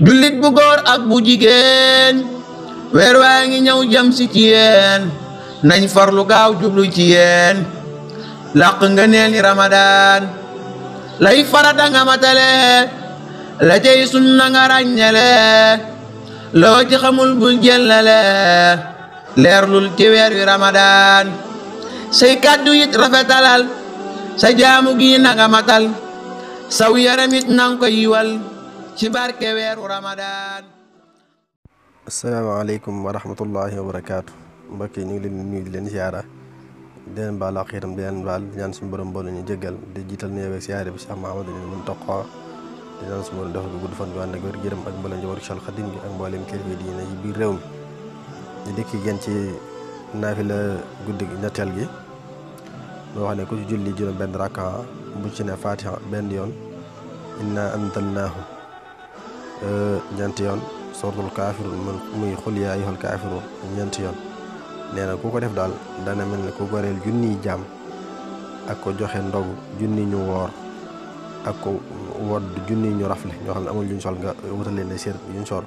Dulit bu gor ak bu jigen wer waa ngi ñëw jëm si ci yeen nañ farlu gaaw jublu ci yeen laq nga neeli ramadan lay farata nga matale la cay sunna nga ràññale lo ci xamul bul jëllale leerlul ci wer wi say kaddu yit rafetalal sa jaamu gi na nga matal saw nang koy wal ci barke weeru Ramadan. asalaamaaleykum wa rahmatullahi wa barakaatu mbokk ñu ngi leen di nuyu di leen ziara di leen baal ak itam di leen baal di ñaan suñu borom boole ñu jéggal di jiital nuyoo ak bi Cheikh Mahamadou ñu mën toqoo di ñaan suñu borom defal ko gudd fan bi ànd ak wér gërëm ak mboolem njaboot Cheikhul Khadim bi biir réew mi di dikki gën ci naafila guddi ñetteel gi moo xam ne ku ci julli juróom benn rakka bu ci ne fatiha benn yoon inna anzalnaahu ñeenti yoon suratul kaafiruun muy xul yaa ayyuhal kaafiruun yoon nee na ku ko def daal dana mel ne ku goreel junniy jaam ak ko joxe ndogu junni ñu woor ak ko wodd junni ñu rafle ñoo xam ne amul juñ sol nga wutal leen ne séer juñ sol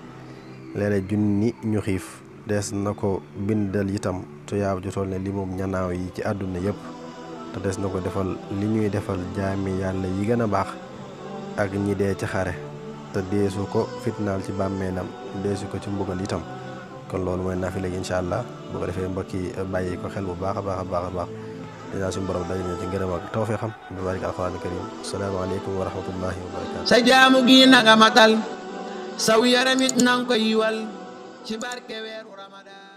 léeg-léeg junni ñu xiif des na ko bindal itam tuyaab ju toll ne li moom ñanaaw yi ci àdduna yëpp te des na ko defal li ñuy defal jaami yàlla yi gën a baax ak ñi dee ci xare te deesu ko fitnaal ci bàmmeelam deesu ko ci mbugal itam kon loolu mooy naafila gi incha allah bu ko defee mbokk yi bàyyi ko xel bu baax a baax a baax a baax dinaa suñu borom daje na ci ngërëm ak tawfeexam bi barik alxuraan karim asalaamaaleykum wa rahmatullahi wa barakatu sa jaamu gi na nga matal saw yaramit nanga ko yiwal ci barke weeru ramadan